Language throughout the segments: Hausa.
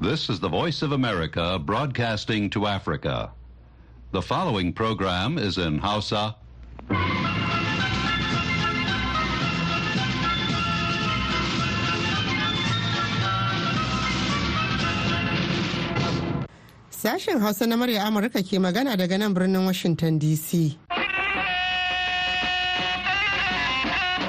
This is the Voice of America broadcasting to Africa. The following program is in Hausa. Sashen Hausa na murya Amurka ke magana daga nan birnin Washington DC.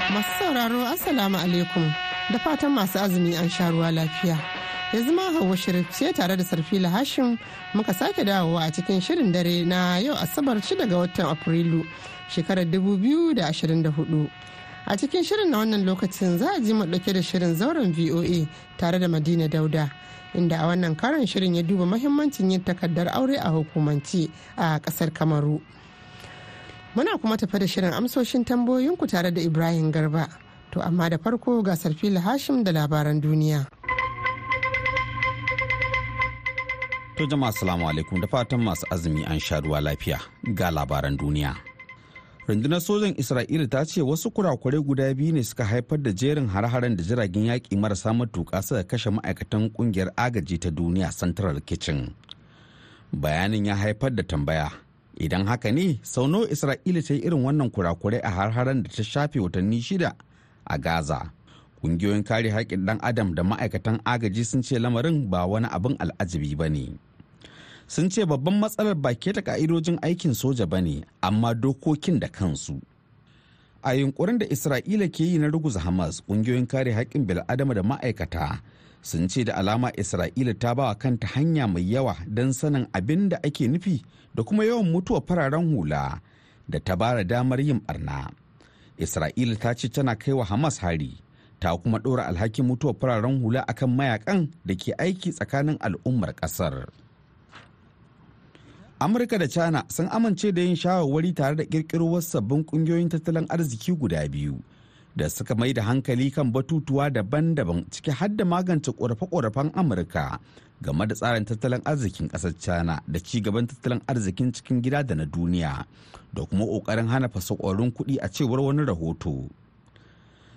Masu sauraro, Assalamu alaikum, da fatan masu azumi an sha ruwa lafiya. ya zama hawa shirif sai tare da sarfila hashim muka sake dawowa a cikin shirin dare na yau asabar 6 ga watan afrilu shekarar 2024 a cikin shirin na wannan lokacin za a ji mu dauke da shirin zauren voa tare da madina dauda inda a wannan karin shirin ya duba mahimmancin yin takardar aure a hukumance a kasar kamaru muna kuma tafa da shirin amsoshin tambayoyinku tare da ibrahim garba to amma da farko ga sarfila hashim da labaran duniya To jama'a salamu alaikum da fatan masu azumi an sha ruwa lafiya ga labaran duniya. Rundunar sojan Isra'ila ta ce wasu kurakurai guda biyu ne suka haifar da jerin har-haren da jiragen yaƙi marasa matuƙa suka kashe ma'aikatan kungiyar agaji ta duniya Central Kitchen. Bayanin ya haifar da tambaya. Idan haka ne, sau nawa Isra'ila ta yi irin wannan kurakurai a har-haren da ta shafe watanni shida a Gaza. Ƙungiyoyin kare haƙƙin ɗan Adam da ma'aikatan agaji sun ce lamarin ba wani abin al'ajabi ba ne. sun ce babban matsalar ba ke ta ka'idojin aikin soja ba ne amma dokokin da kansu a yunkurin da isra'ila ke yi na ruguza hamas ƙungiyoyin kare haƙƙin bil'adama da ma'aikata sun ce da alama isra'ila ta bawa kanta hanya mai yawa don sanin abin da ake nufi da kuma yawan mutuwa fararen hula da ta bara damar yin barna isra'ila ta ce tana kai wa hamas hari ta kuma ɗora alhakin mutuwa fararen hula akan mayakan da ke aiki tsakanin al'ummar ƙasar. amurka da china sun amince da yin shawarwari tare da kirkirowar sabbin kungiyoyin tattalin arziki guda biyu da suka mai da hankali kan batutuwa daban-daban ciki har da magance ƙorafe-ƙorafen amurka game da tsarin tattalin arzikin ƙasar china da ci gaban tattalin arzikin cikin gida da na duniya da kuma ƙoƙarin hana fasakorin kuɗi a cewar wani rahoto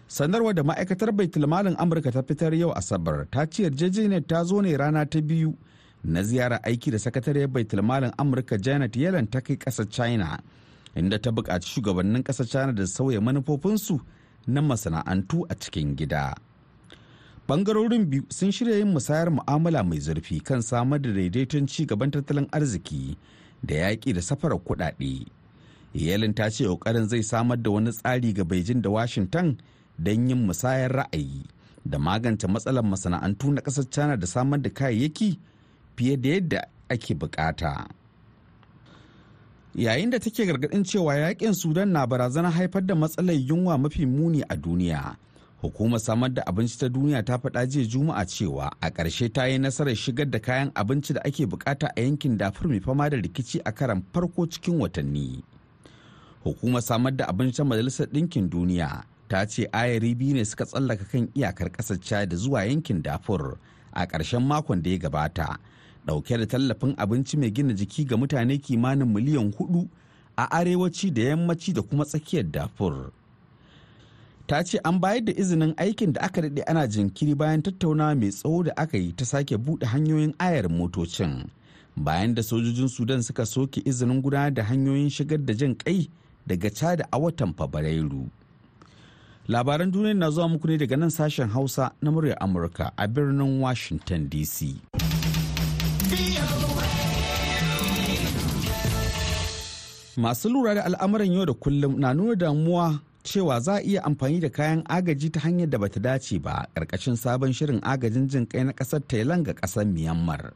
sanarwar da ma'aikatar baitulmalin amurka ta fitar yau asabar ta ce yarjejeniyar ta zo ne rana ta biyu na ziyarar aiki da sakatariyar baitulmalin amurka janet yellen ta kai ƙasar china inda ta buƙaci shugabannin ƙasar china da sauya manufofinsu na masana'antu a cikin gida bangarorin biyu sun shirya yin musayar mu'amala mai zurfi kan samar da daidaiton ci gaban tattalin arziki da yaƙi da safarar kuɗaɗe yelin ta ce ƙoƙarin zai samar da wani tsari ga beijing da washington don yin musayar ra'ayi da magance matsalar masana'antu na ƙasar china da samar da kayayyaki fiye da yadda ake bukata. Yayin da take gargadin cewa yakin Sudan na barazanar haifar da matsalar yunwa mafi muni a duniya. Hukumar samar da abinci ta duniya ta faɗa jiya Juma'a cewa a ƙarshe ta yi nasarar shigar da kayan abinci da ake bukata a yankin dafur mai fama da rikici a karan farko cikin watanni. Hukumar samar da abinci ta Majalisar Ɗinkin Duniya ta ce ayari biyu ne suka tsallaka kan iyakar ƙasar Chad zuwa yankin dafur a ƙarshen makon da ya gabata. dauke da tallafin abinci mai gina jiki ga mutane kimanin miliyan hudu a arewaci da yammaci da kuma tsakiyar dafur ta ce an bayar da izinin aikin da aka daɗe ana jinkiri bayan tattaunawa mai tsawo da aka yi ta sake buɗe hanyoyin ayar motocin bayan da sojojin sudan suka soke izinin gudanar da hanyoyin shigar da jin kai daga cada a watan fabrairu labaran duniya na zuwa muku ne daga nan sashen hausa na muryar amurka a birnin washington dc Masu lura da al'amuran yau da kullum na nuna damuwa cewa za a iya amfani da kayan agaji ta hanyar da bata dace ba ƙarƙashin sabon shirin agajin jin kai na ƙasar Thailand ga ƙasar Myanmar.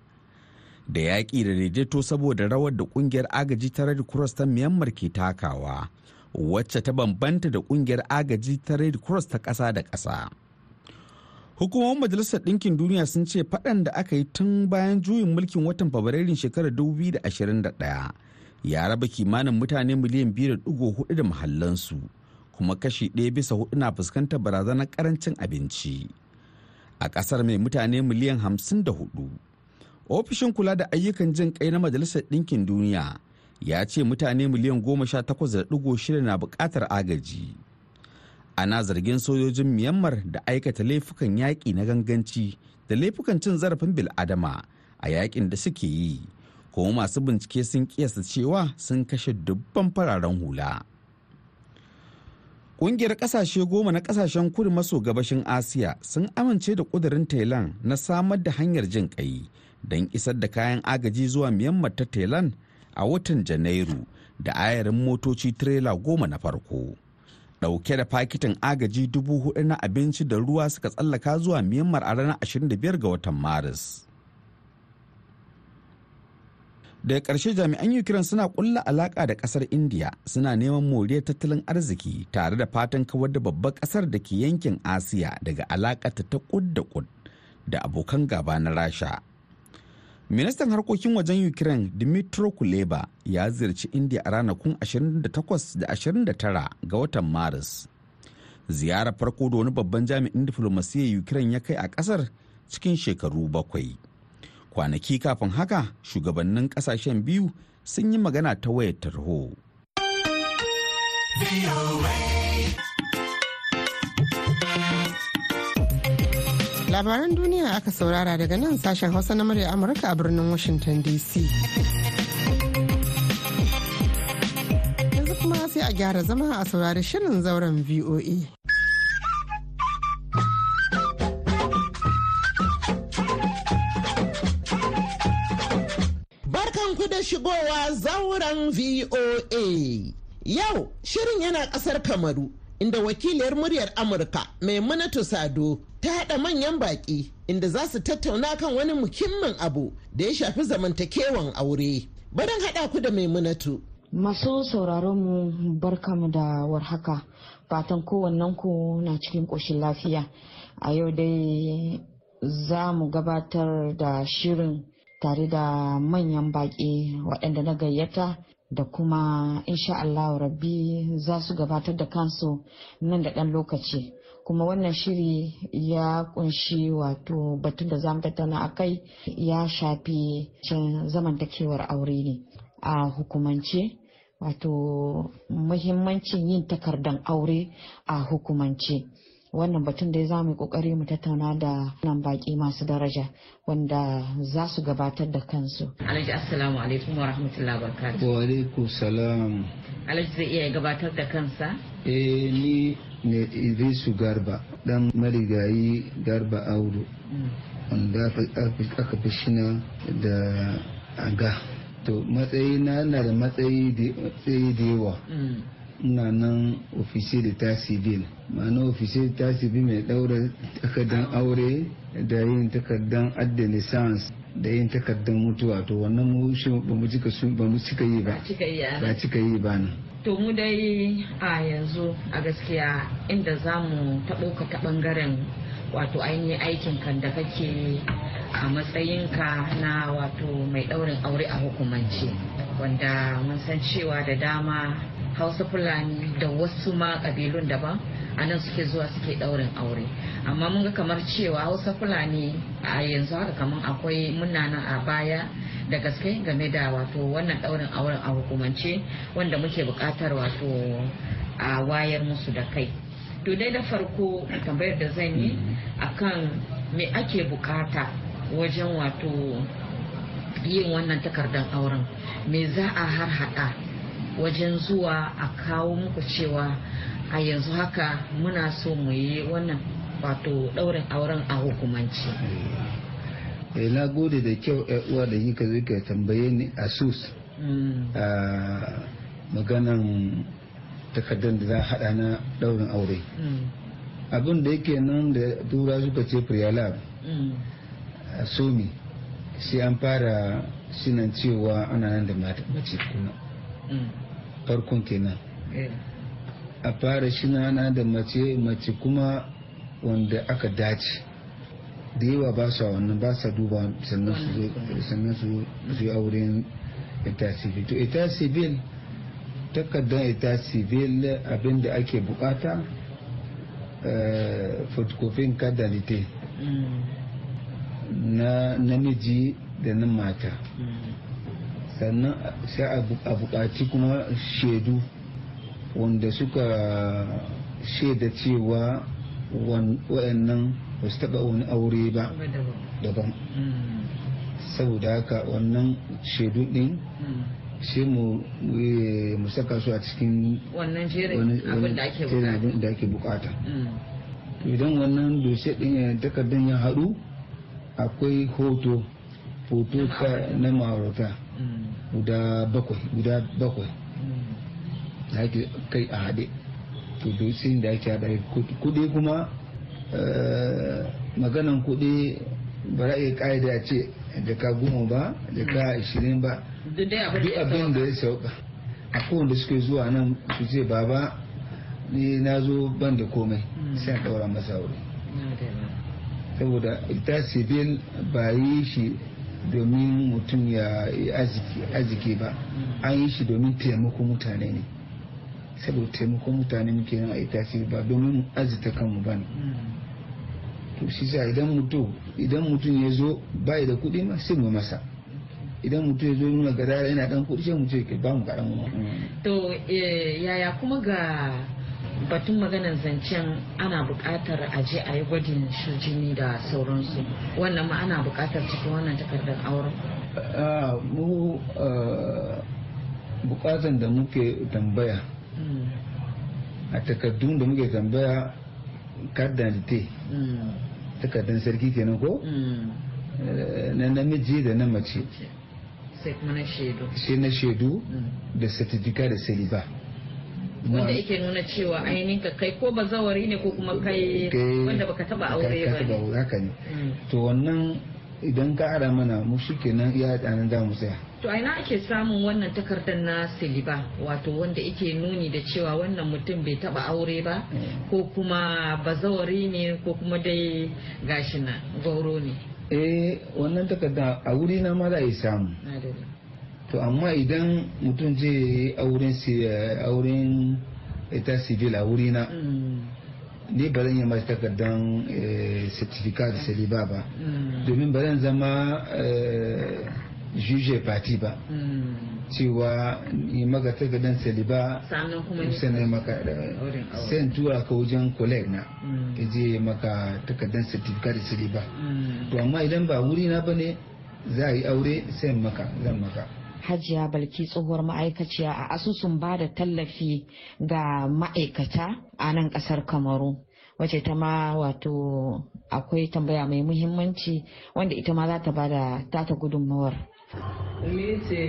Da yaƙi da daidaito saboda rawar da ƙungiyar agaji ta Red Cross ta Myanmar ke takawa, wacce ta bambanta da ƙungiyar agaji ta Red Cross ta ƙasa da ƙasa. Hukumomin Majalisar Ɗinkin Duniya sun ce faɗan da aka yi tun bayan juyin mulkin watan Fabrairun shekarar 2021 ya raba kimanin mutane miliyan 2.4 da mahallansu kuma kashi ɗaya bisa hudu na fuskantar barazanar karancin abinci. A ƙasar mai mutane miliyan 54. Ofishin kula da ayyukan jin kai na Majalisar Ɗinkin Duniya ya ce mutane miliyan 18.6 na buƙatar agaji. ana zargin sojojin myanmar da aikata laifukan yaƙi na ganganci da laifukan cin zarafin bil'adama a yaƙin da suke yi kuma masu bincike sun kiyasta cewa sun kashe dubban fararen hula Ƙungiyar ƙasashe goma na ƙasashen kudu maso gabashin Asiya sun amince da ƙudurin Thailand na samar da hanyar jin ƙai don isar da kayan agaji zuwa Myanmar ta Thailand a watan Janairu da ayarin motoci tirela goma na farko. dauke da fakitin agaji dubu hudu na abinci da ruwa suka tsallaka zuwa myanmar a ranar 25 ga watan maris daga ƙarshe jami'an ukraine suna ƙulla alaƙa da ƙasar india suna neman moriyar tattalin arziki tare da fatan kawar da babbar ƙasar da ke yankin asiya daga alaƙata ta kud da kud da abokan gaba na rasha ministan harkokin wajen ukraine dimitro kuleba ya ziyarci india a ranakun 28 da 29 ga watan maris ziyarar farko da wani babban jami'in diflomasiyyar ukraine ya kai a kasar cikin shekaru bakwai kwanaki kafin haka shugabannin kasashen biyu sun yi magana ta wayar tarho. labaran duniya aka saurara daga nan sashen hausa na murya amurka a birnin washington dc yanzu kuma sai a gyara zama a saurari shirin zauren voa barkanku da shigowa zauren voa yau shirin yana kasar kamaru inda wakiliyar muryar amurka maimunatu sado ta haɗa manyan baƙi inda za su tattauna kan wani muhimmin abu da ya shafi zamantakewan aure barin haɗa ku da maimunatu masu sauraron mu barkamu da warhaka fatan kowannen ku na cikin ƙoshin lafiya a yau dai za mu gabatar da shirin tare da manyan baƙi waɗanda na gayyata da kuma insha Allah rabbi za su gabatar da kansu nan da ɗan lokaci kuma wannan shiri ya kunshi wato batun da zamu tattauna a kai ya shafi cin zamantakewar aure ne a hukumance wato muhimmancin yin takardan aure a hukumance wannan batun dai za mu yi kokari mu tattauna da nan baki masu daraja wanda za su gabatar da kansu alhaji assalamu alaikum wa rahmatullahi wa barakatuh wa alaikum salam alhaji zai iya gabatar da kansa eh ni ne Idrisu Garba dan marigayi Garba Audu wanda aka fi shina da aga to matsayi na na da matsayi da yawa mm. ina nan da ta civil ma'ana da ta civil mai ɗaura takardar aure da yin takardar adda science da yin takardar mutuwa to wannan mu ba mu cika yi ba ba cika yi ba nan to mu dai a yanzu a gaskiya inda za mu taɓo ka ta ɓangaren wato ainihin aikin kan da kake a matsayinka na wato mai ɗaurin aure a hukumance wanda mun san cewa da dama hausa fulani da wasu ma kabilun daban a nan suke zuwa suke daurin aure amma mun ga kamar cewa hausa fulani a yanzu haka kamar akwai munana a baya da gaske game da wato wannan daurin auren a hukumance wanda muke bukatar wato a wayar musu da kai to dai da farko tambayar da zan yi akan me ake bukata wajen wato yin wannan takardar auren me za a har hada wajen zuwa a kawo muku cewa a yanzu haka muna so mu yi wannan wato ɗaurin auren a hukumanci. Eh, eh, na gode da kyau eh, uwa da ka zo ka tambaye ni a sus mm. a ah, maganan takardar da za haɗa na ɗaurin aure mm. abin da yake nan da tura suka ce priyala mm. a somi sai an fara sinan cewa ana nan da mace kuna Mm. farkon kenan eh. a fara na da mace mace kuma wanda aka dace da yawa ba su wannan ba sa duba sannan su auren ita civil to ita civil takardar ita civil abinda ake bukata fotokofin eh, kadalite mm. na namiji da na mata mm. sannan sai a buƙaci kuma shaidu wanda suka shaida cewa waɗannan ba su taɓa wani aure ba daban saboda haka wannan shaidu ɗin sai mu saka su a cikin wannan jerin abin da ake bukata mm. idan wannan doshe ɗin eh, takardun ya haɗu akwai hoto hoto na ma'aurata mm. guda bakwai guda bakwai da ake kai a haɗe to dosin da ake haɗa kuɗi kuma eh, maganan kuɗi ba za a iya ƙa'ida a ce ka goma ba ka ashirin ba duk abin da ya sauka a kowanne suke zuwa nan su ce baba ni na zo ban da komai hmm. sai a ɗaura masa wuri saboda ita sibil ba shi domin mutum ya arziki ba an yi shi domin taimako mutane ne saboda taimako mutane muke nan a yi tasiri ba domin arzita kanmu ba ne to shi sa idan mutum idan mutum ya zo bai da kuɗi ma sai mu masa idan mutum ya zo nuna gadara yana dan kuɗi sai mu ce ba mu kaɗan mu to eh, yaya kuma ga batun maganar zancen ana buƙatar a je a yi gwajin jini da sauransu wannan ma ana buƙatar cikin wannan takardar auren mu buƙatan da muke tambaya hmm. a takardun da muke tambaya te hmm. takardun sarki kenan ko hmm. eh, na namiji da na mace sai na shaidu da satifika da saliba wanda yake nuna cewa ainihin ka kai ko bazawari ne ko kuma kai wanda baka taba aure ba ne haka ne hmm. to wannan idan ka ara mana mu shikenan iya da da mu tsaya to aina ake samun wannan takardar na siliba wato wanda yake nuni da cewa wannan mutum bai taba aure ba hmm. ko kuma bazawari ne ko kuma dai gashi na gauro ne eh wannan takarda a wuri na ma za a yi samu to amma idan mutum zai yi auren ita civil a wurina mm. ni ba zan yi mai takardar eh, certificat da saliba ba mm. domin ba zan zama eh, juge pati ba mm. cewa yi maka takardar saliba sannan maka sai tura ka wajen colleague na ka je maka takardar certificat da saliba to amma idan ba wurina ba ne za a yi aure sai maka zan maka hajiya balki tsohuwar ma'aikaciya a asusun ba da tallafi ga ma'aikata a nan kasar kamaru wace ta ma wato akwai tambaya mai muhimmanci wanda ita ma za ta ba da tata gudunmawar ni ce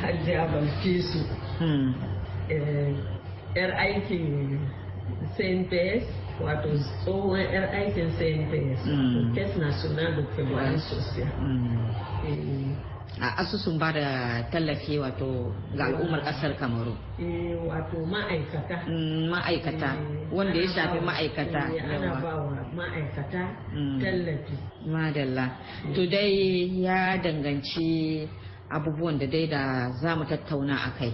hajiya balkisu hmm. eh, yar aikin saint wato tsohon yar aikin saint hmm. kes national da february social hmm. eh, a asusun ba da tallafi wato ga al'ummar kasar kamaru eh, wato ma'aikata mm, ma'aikata eh, wanda ya shafi ma'aikata eh, yawa ma'aikata mm. tallafi madalla to dai ya danganci abubuwan da dai da za mu tattauna a kai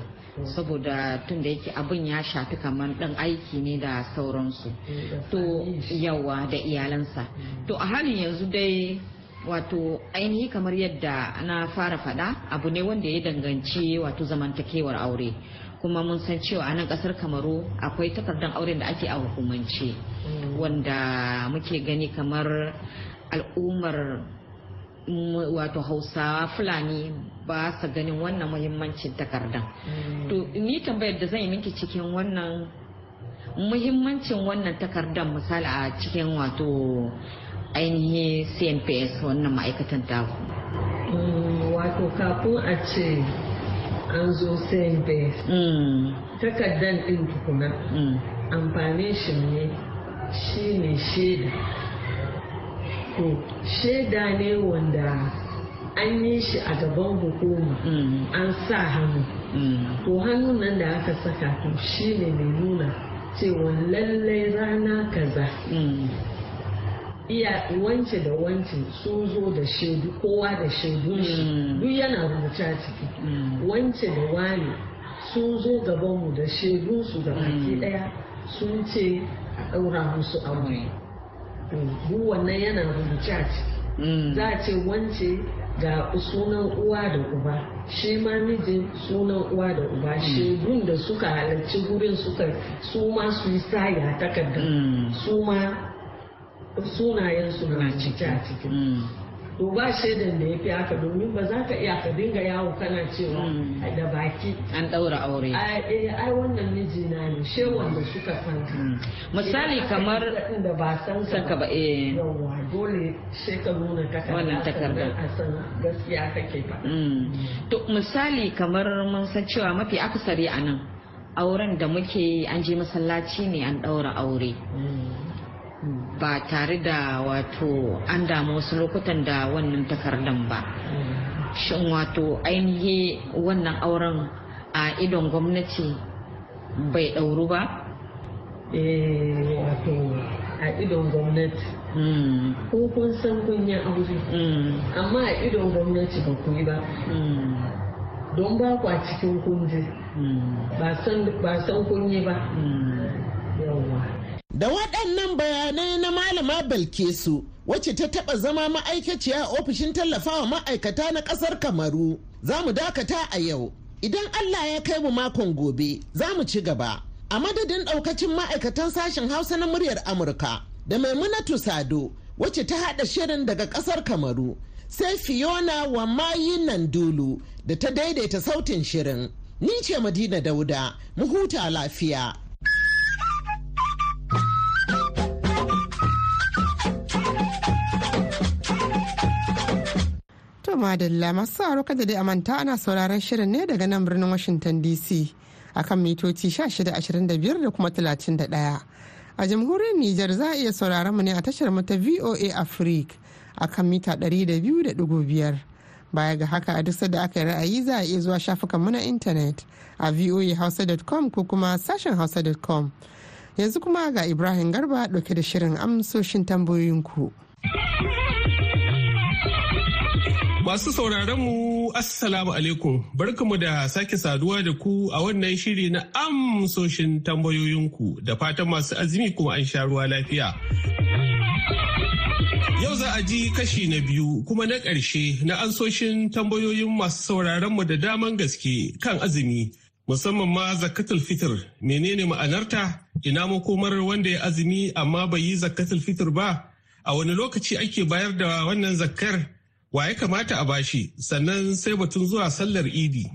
saboda tun da yake abin ya shafi kamar ɗan aiki ne da sauransu to yawa da iyalansa mm. to a halin yanzu dai wato ainihi kamar yadda na fara faɗa abu ne wanda ya danganci wato zamantakewar aure kuma mun san cewa a nan kasar kamaru akwai takardar aure da ake a hukumance wanda muke gani kamar al'ummar wato hausawa fulani ba sa ganin wannan muhimmancin takardar. to ni tambayar da zan yi minki cikin wannan muhimmancin wannan takardar misali a cikin wato ainihin cnps wannan ma'aikatan taku mm, wato kafin a ce an zo cnps mm. takardan ɗin tukuna mm. amfanin shi ne shi ne shaida ko shaida ne wanda an yi shi a gaban hukuma an sa hannu to hannun nan da aka saka to shi ne mai nuna cewa lallai rana kaza iya wance da wance sun zo da shaidu kowa da shaidu shi mm. duk yana rubuta ciki mm. wance da wani sun zo gabanmu da shaidu su da baki daya mm. sun ce a daura musu aure duk wannan yana rubuta ciki za a ce wance ga sunan uwa da uba shi ma mijin sunan uwa da uba shaidun da suka halarci gurin suka su ma su yi saya takarda su ma sunayen su na cike a cikin to ba shaidan da ya fi haka domin ba za ka iya ka dinga yawo kana cewa mm. da baki an ɗaura aure ai eh, wannan miji na ne she wanda suka san ka mm. misali kamar da ba san ka ba eh Yawwa dole sai ka nuna takarda wannan takarda a san gaskiya kake ba mm. to misali kamar mun san cewa mafi akasari a nan auren da muke an je masallaci ne an ɗaura aure ba tare da wato an damu wasu lokutan da wannan takardan ba shin wato ainihi wannan auren a idon gwamnati bai ɗauru ba? Eh, wato a idon gwamnati hmm. ko kun san kun yi aure hmm. amma a idon gwamnati ba ku yi ba hmm. don ba ku a cikin kunji ba san kun yi ba Da waɗannan bayanai na malama Balkesu wacce ta taɓa zama ma'aikaciya a ofishin tallafawa ma'aikata na ƙasar Kamaru za mu dakata a yau. Idan Allah ya kai mu makon gobe za mu ci gaba. A madadin ɗaukacin ma'aikatan sashen Hausa na muryar Amurka da Maimunatu Sado wacce ta haɗa shirin daga ƙasar Kamaru sai Fiona nan dulu da ta daidaita sautin shirin. Ni ce Madina Dauda, mu huta lafiya. To madalla masu sauraro kada dai amanta ana sauraron shirin ne daga nan birnin Washington DC akan mitoci 1625 da kuma 31. A jamhuriyar Nijar za a iya sauraron mu ne a tashar mata ta VOA Africa akan mita 200.5. Baya ga haka a duk sadda aka yi ra'ayi za a iya zuwa shafukan mu na intanet a voahausa.com ko kuma sashen hausa.com. Yanzu kuma ga Ibrahim Garba dauke da shirin amsoshin tambayoyinku. ku. Masu sauraron mu Assalamu alaikum barkamu da sake saduwa da ku a wannan shiri na amsoshin tambayoyinku da fatan masu azumi kuma an sha ruwa lafiya. Yau za a ji kashi na biyu kuma na ƙarshe na ansoshin tambayoyin masu sauraron mu da daman gaske kan azumi musamman ma zakatul fitr menene ma'anarta ina makomar wanda ya azumi amma bai yi zakatul fitr ba a wani lokaci ake bayar da wannan zakkar wa ya kamata a bashi sannan sai batun zuwa sallar idi.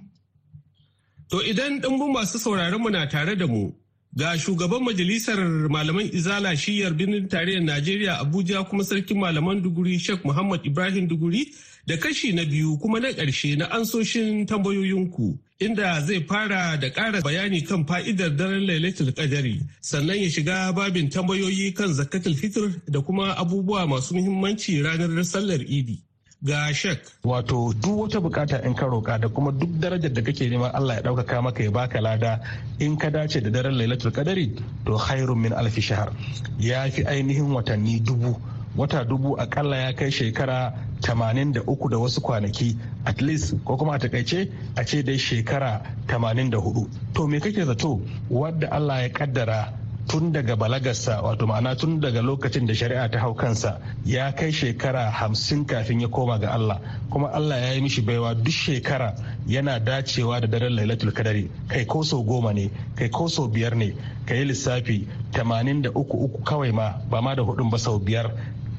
To idan ɗumbin masu sauraron mu na tare da mu ga shugaban majalisar malaman izala shiyar birnin tarayyar Najeriya Abuja kuma sarkin malaman duguri Sheikh Muhammad Ibrahim duguri da kashi na biyu kuma na ƙarshe na ansoshin tambayoyinku inda zai fara da ƙara bayani kan fa'idar daren lailatul qadari sannan ya shiga babin tambayoyi kan zakatul fitr da kuma abubuwa masu muhimmanci ranar sallar idi ga shek. Wato duk wata bukata in ka roka da kuma duk darajar da kake neman Allah ya ɗaukaka maka ya baka lada in ka dace da daren lailatul kadari to khairun min alfi shahar ya fi ainihin watanni dubu wata dubu akalla ya kai shekara tamanin da uku da wasu kwanaki at least ko kuma a takaice a ce dai shekara tamanin da hudu to me kake zato wadda Allah ya kaddara tun daga balagarsa wato ma'ana tun daga lokacin da shari'a ta hau kansa ya kai shekara hamsin kafin ya koma ga Allah kuma Allah ya yi mishi baiwa duk shekara yana dacewa da daren lailatul kadari kai ko sau goma ne kai ko sau biyar ne ka lissafi tamanin da uku uku kawai ma ba ma da hudun ba sau biyar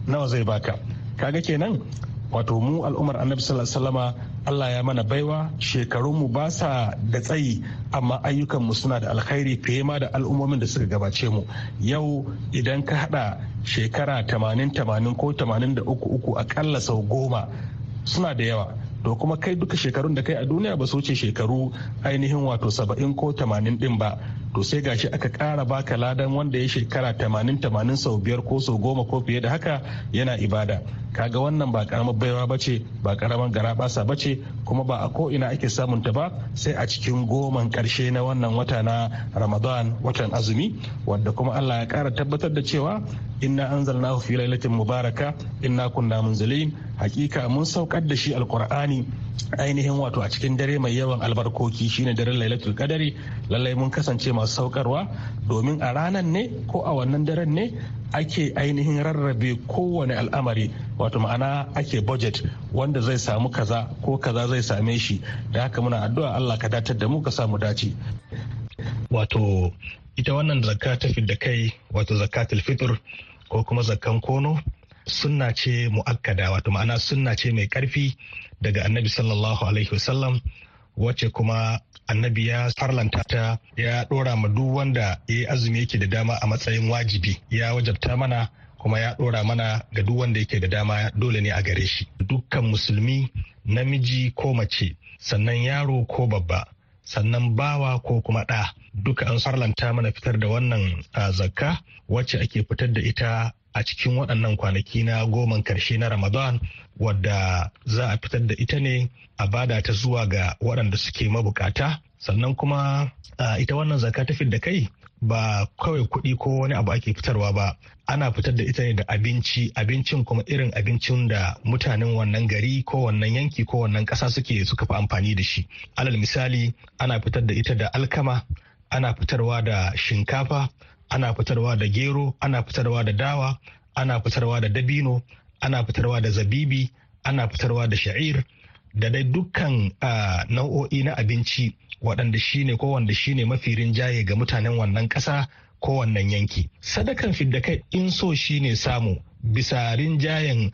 nawa zai baka kaga kenan wato mu al'ummar annabi sallallahu alaihi wasallama Allah ya mana baiwa shekarunmu ba sa da tsayi amma ayyukanmu suna da alkhairi fiye ma da al'ummomin da suka gabace mu yau idan ka hada shekara 80-80 ko 83 akalla sau goma suna da yawa to kuma kai duka shekarun da kai a duniya ba su wuce shekaru ainihin wato 70 ko 80 din ba to sai gashi aka kara baka ladan wanda ya shekara 80-80 sau biyar ko sau goma ko fiye da haka yana ibada kaga wannan ba karamar baiwa ba ce ba karamar garabasa ba ce kuma ba a ko'ina ake samun ta ba sai a cikin goman karshe na wannan wata na ramadan watan azumi wadda kuma allah ya kara tabbatar da cewa inna anzalnahu fi lailatin mubaraka inna kunna munzalin hakika mun saukar da shi alkur'ani ainihin wato a cikin dare mai yawan albarkoki shine daren lailatul kadari lallai mun kasance masu saukarwa domin a ranan ne ko a wannan daren ne ake ainihin rarrabe kowane al'amari wato ma'ana ake budget wanda zai samu kaza ko kaza zai same shi da haka muna addu'a Allah ka datar da mu ka samu dace wato ita wannan zakka ta fidda kai wato zakatul fitr ko kuma zakkan kono sunna ce mu'akkada wato ma'ana sunna ce mai karfi daga annabi sallallahu alaihi wasallam wacce kuma annabi ya farlanta ta ya dora ma duk wanda ya azumi yake da dama a matsayin wajibi ya wajabta mana kuma ya ɗora mana ga duk wanda yake da dama dole ne a gare shi dukkan musulmi namiji ko mace sannan yaro ko babba sannan bawa ko kuma ɗa duka an sarlanta mana fitar da wannan ah, zakka wacce ake fitar da ita a cikin waɗannan kwanaki na goman karshe na Ramadan wadda za a fitar da ita ne a bada ta zuwa ga waɗanda suke mabukata sannan kuma ita wannan zaka ta da kai ba kawai kuɗi ko wani abu ake fitarwa ba ana fitar da ita ne da abinci abincin kuma irin abincin da mutanen wannan gari ko wannan yanki ko wannan ƙasa suke suka fi amfani da shi alal misali ana fitar da ita da alkama ana fitarwa da shinkafa ana fitarwa da gero ana fitarwa da dawa ana fitarwa da dabino ana fitarwa da zabibi ana fitarwa da sha'ir da dai dukkan nau'o'i na abinci waɗanda shine ko wanda shine mafi rinjaye ga mutanen wannan ƙasa ko wannan yanki sadakan fiddakai in so shi ne samu bisa rinjayen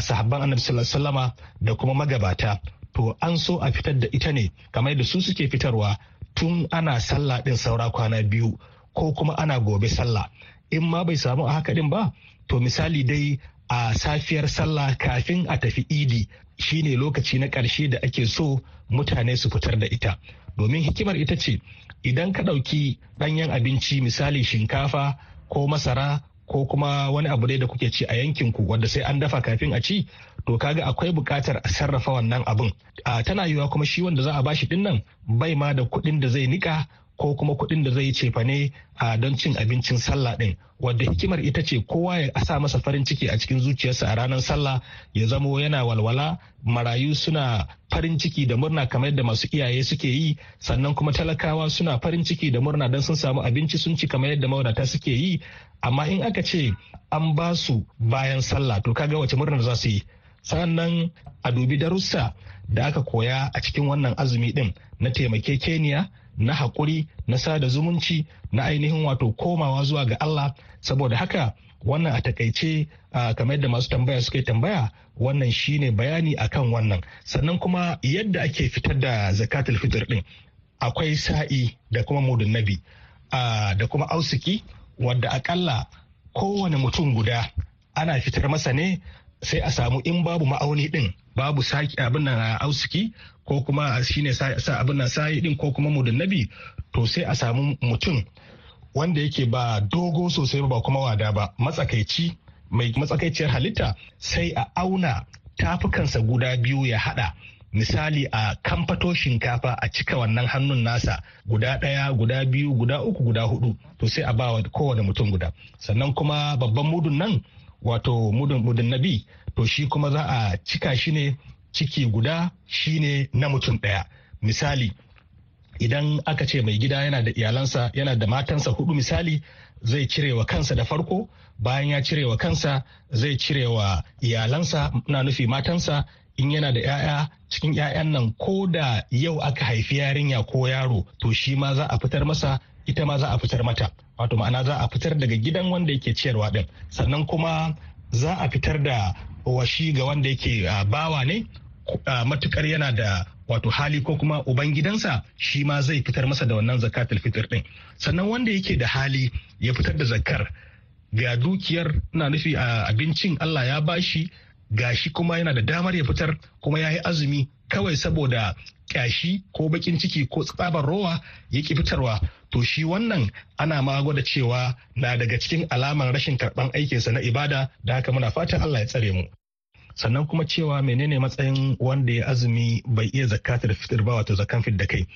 sahabban annabi sallama da kuma magabata to an so a fitar da ita ne kamar da su suke fitarwa tun ana sallah din saura kwana biyu ko kuma ana gobe sallah in ma bai samu a haka din ba to misali dai a safiyar sallah kafin a tafi idi shine lokaci na ƙarshe da ake so mutane su fitar da ita domin hikimar ita ce idan ka ɗauki ɗanyen abinci misali shinkafa ko masara ko kuma wani abu dai da kuke ci a yankinku wanda sai an dafa kafin a ci to kaga akwai buƙatar a sarrafa wannan abin a tana yiwa kuma shi wanda za a bashi din nan bai ma da kuɗin da zai niƙa. ko kuma kuɗin da zai cefa ne don cin abincin sallah ɗin wadda hikimar ita ce kowa ya sa masa farin ciki a cikin zuciyarsa a ranar sallah ya zamo yana walwala marayu suna farin ciki da murna kamar yadda masu iyaye suke yi sannan kuma talakawa suna farin ciki da murna don sun samu abinci sun ci kamar yadda mawadata suke yi amma in aka ce an ba su bayan sallah to kaga wace murnar za su yi sannan a dubi darussa da aka koya a cikin wannan azumi ɗin na taimakekeniya na haƙuri na sada zumunci na ainihin wato komawa zuwa ga Allah saboda haka wannan a takaice kamar yadda masu tambaya suka yi tambaya wannan shine bayani akan wannan sannan kuma yadda ake fitar da zakatul fitr din akwai sa'i da kuma mudun nabi da kuma ausiki wadda akalla kowane mutum guda ana fitar masa ne sai a samu in babu ma'auni din babu saki abin nan ausiki ko kuma shine sa abin nan sayi din ko kuma nabi to sai a samu mutum wanda yake ba dogo sosai ba kuma wada ba matsakaici mai matsakaiciyar halitta sai a auna tafukansa guda biyu ya hada misali a kamfato shinkafa a cika wannan hannun nasa guda ɗaya guda biyu guda uku guda hudu to sai a bawa kowane mutum guda sannan kuma babban mudun nan wato mudun mudun nabi to shi kuma za a cika shi ne ciki guda shi ne na mutum ɗaya misali idan aka ce mai gida yana da iyalansa yana da matansa hudu misali zai cirewa kansa da farko bayan ya cire wa kansa zai cirewa iyalansa na nufi matansa in yana da 'ya'ya cikin 'ya'yan nan ko da yau aka haifi yarinya ko yaro to shi ma za a fitar masa ita ma za a fitar mata wato ma'ana za a fitar daga gidan wanda yake ciyarwa din sannan kuma za a fitar da washi ga wanda yake bawa ne matukar yana da wato hali ko kuma ubangidansa shi ma zai fitar masa da wannan zakatul fitr din sannan wanda yake da hali ya fitar da zakar ga dukiyar na nufi a abincin Allah ya bashi gashi kuma yana da damar ya fitar kuma ya yi azumi kawai saboda kyashi ko bakin ciki ko tsabar rowa yake fitarwa to shi wannan ana ma gwada cewa na daga cikin alamar rashin karban aikinsa na ibada da haka muna fatan Allah ya tsare mu sannan kuma cewa menene matsayin wanda ya azumi bai iya zakatar fitar ba wato zakan fit da kai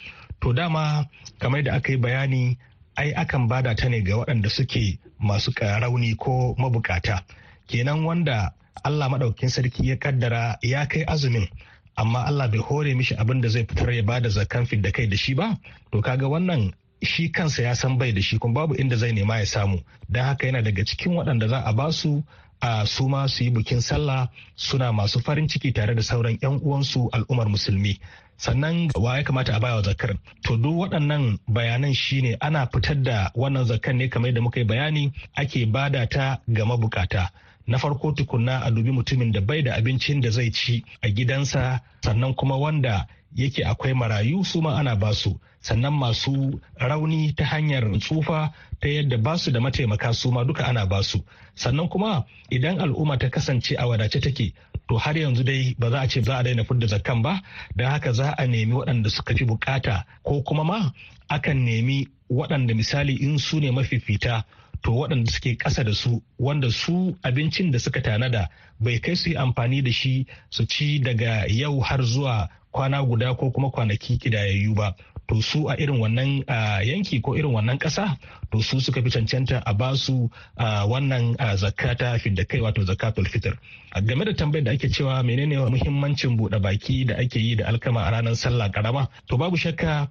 to dama kamar da aka yi bayani ai akan bada ta ne ga waɗanda suke masu rauni ko mabukata kenan wanda Allah maɗaukin sarki ya kaddara ya kai azumin amma Allah bai hore mishi abin da zai fitar ya bada zakan da kai da shi ba to kaga wannan shi kansa ya san bai da shi kuma babu inda zai nema ya samu don haka yana daga cikin waɗanda za a ba su a su ma su yi bikin sallah suna masu farin ciki tare da sauran 'yan uwansu al'ummar musulmi sannan wa ya kamata a baya wa zakar to duk waɗannan bayanan shine ana fitar da wannan zakar ne kamar da muka yi bayani ake bada ta ga mabukata na farko tukunna a dubi mutumin da bai da abincin da zai ci a gidansa sannan kuma wanda yake akwai marayu su ma ana basu sannan masu rauni ta hanyar tsufa ta yadda basu da mataimaka su ma duka ana basu sannan kuma idan al'umma ta kasance a wadace take to har yanzu dai ba za a ce za a daina fudda zakkan ba da haka za a nemi waɗanda suka fi bukata ko kuma ma akan nemi waɗanda misali in su ne mafifita to waɗanda suke ƙasa da su wanda su abincin da suka tanada bai kai su yi amfani da shi su ci daga yau har zuwa kwana guda ko kuma kwanaki ƙidayayyu ba to su a irin wannan yanki ko irin wannan kasa to su suka fi cancanta a ba su wannan zakata fidda kai wato zakatul fitr game da tambayar da ake cewa menene muhimmancin buɗe baki da ake yi da alkama a ranar sallah karama to babu shakka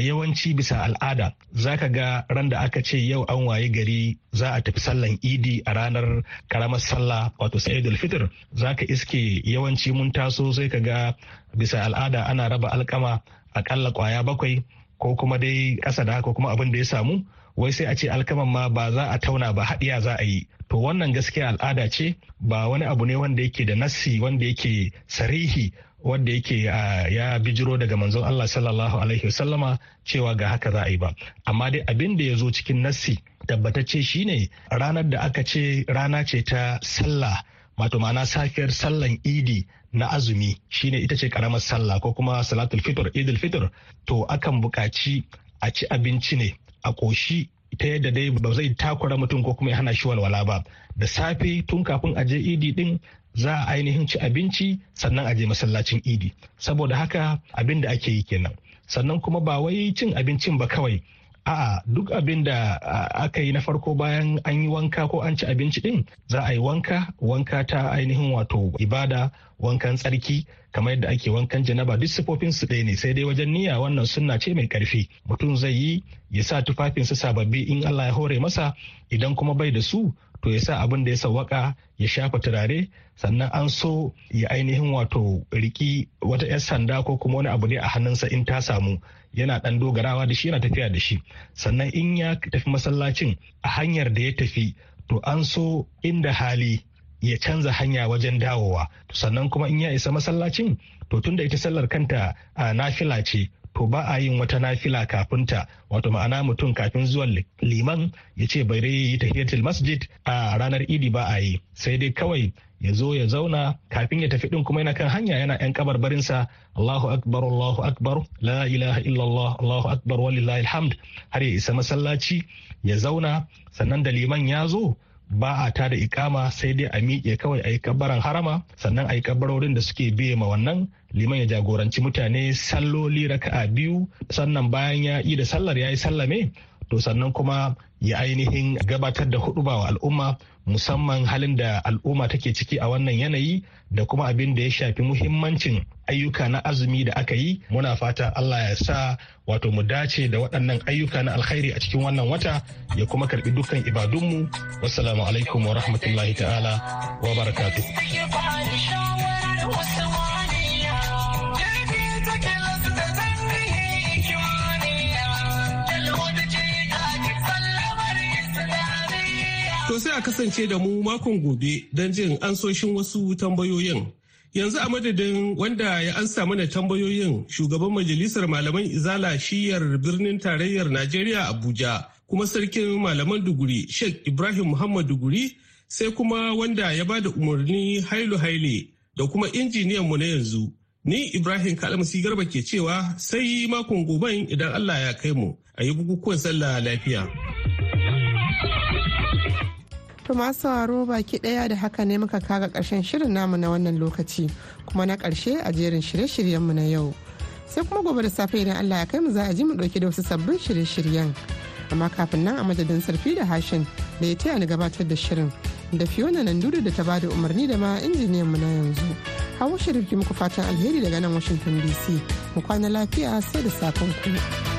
yawanci bisa al'ada zaka ga ran da aka ce yau an waye gari za a tafi sallan idi a ranar karamar sallah wato sa'idul fitr zaka iske yawanci mun taso sai ka ga bisa al'ada ana raba alkama akalla kwaya bakwai ko kuma dai ƙasa da haka kuma abin da ya samu wai sai a ce alkaman ma ba za a tauna ba haɗiya za a yi to wannan gaskiya al'ada ce ba wani abu ne wanda yake da nassi wanda yake sarihi wanda yake ya bijiro daga manzon Allah sallallahu alaihi wasallama cewa ga haka za a yi ba amma dai abin da ya zo cikin nassi tabbatacce shine ranar da aka ce rana ce ta sallah wato ma'ana safiyar sallan idi na azumi shine ita ce karamar sallah ko kuma salatul fitr idul fitr to akan buƙaci a ci abinci ne a ƙoshi ta yadda dai ba zai takura mutum ko kuma ya hana shi walwala ba da safe tun kafin a je idi din za a ainihin ci abinci sannan a je masallacin idi saboda haka abin da ake yi kenan sannan kuma ba wai cin abincin ba kawai a'a duk abin da aka yi na farko bayan an yi wanka ko an ci abinci din za a yi wanka wanka ta ainihin wato ibada wankan tsarki kamar yadda ake wankan janaba duk sifofin su ɗaya ne sai dai wajen niyya wannan sunna ce mai karfi mutum zai yi ya sa tufafinsa sababbi in Allah ya hore masa idan kuma bai da su to ya sa abin da ya sawaka ya shafa turare sannan an so ya ainihin wato riki wata yan sanda ko kuma wani abu ne a hannunsa in ta samu yana dan dogarawa da shi yana tafiya da shi sannan in ya tafi masallacin a hanyar da ya tafi to an so inda hali ya canza hanya wajen dawowa sannan kuma in ya isa masallacin to tunda ita sallar kanta a nafila ce to ba a yin wata nafila kafin ta wato ma'ana mutum kafin zuwan liman ya ce bai yi tahiyatul masjid a ranar idi ba a yi sai dai kawai ya zo ya zauna kafin ya tafi din kuma yana kan hanya yana yan kabarbarinsa Allahu akbar Allahu akbar la ilaha illallah Allahu akbar walillahi alhamd har ya isa masallaci ya zauna sannan da liman ya zo ba a ta da ikama sai dai a miƙe kawai a yi kabbaran harama sannan a yi kabbarorin da suke biye ma wannan liman ya jagoranci mutane salloli raka'a biyu sannan bayan ya yi da sallar ya yi sallame to sannan kuma ya ainihin gabatar da huduba wa al'umma musamman halin da al'umma take ciki a wannan yanayi da kuma abin da ya shafi muhimmancin ayyuka na azumi da aka yi muna fata Allah ya sa wato mu dace da waɗannan ayyuka na alkhairi a cikin wannan wata ya kuma karbi dukkan ibadunmu wassalamu alaikum wa rahmatullahi ta'ala wa barakatuh To sai a kasance da mu makon gobe don jin ansoshin wasu tambayoyin. Yanzu a madadin wanda ya ansa mana tambayoyin shugaban majalisar malaman izala shiyar birnin tarayyar Najeriya Abuja kuma sarkin malaman duguri Sheikh Ibrahim Muhammad duguri sai kuma wanda ya ba da umarni hailu haile da kuma injiniyan mu na yanzu. Ni Ibrahim Kalamasi Garba ke cewa sai makon goben idan Allah ya kai mu a yi bukukuwan sallah lafiya. To masu sauraro baki ɗaya da haka ne muka kaga karshen shirin namu na wannan lokaci kuma na karshe a jerin shirye-shiryenmu na yau. Sai kuma gobe da safe idan Allah ya kai mu za a ji mu ɗauki da wasu sabbin shirye-shiryen. Amma kafin nan a madadin sarfi da hashin da ya taya ni gabatar da shirin da Fiona dudu da ta ba da umarni da ma injiniyan mu na yanzu. Hawa shirin muku fatan alheri daga nan Washington DC. Mu kwana lafiya sai da sakonku. ku.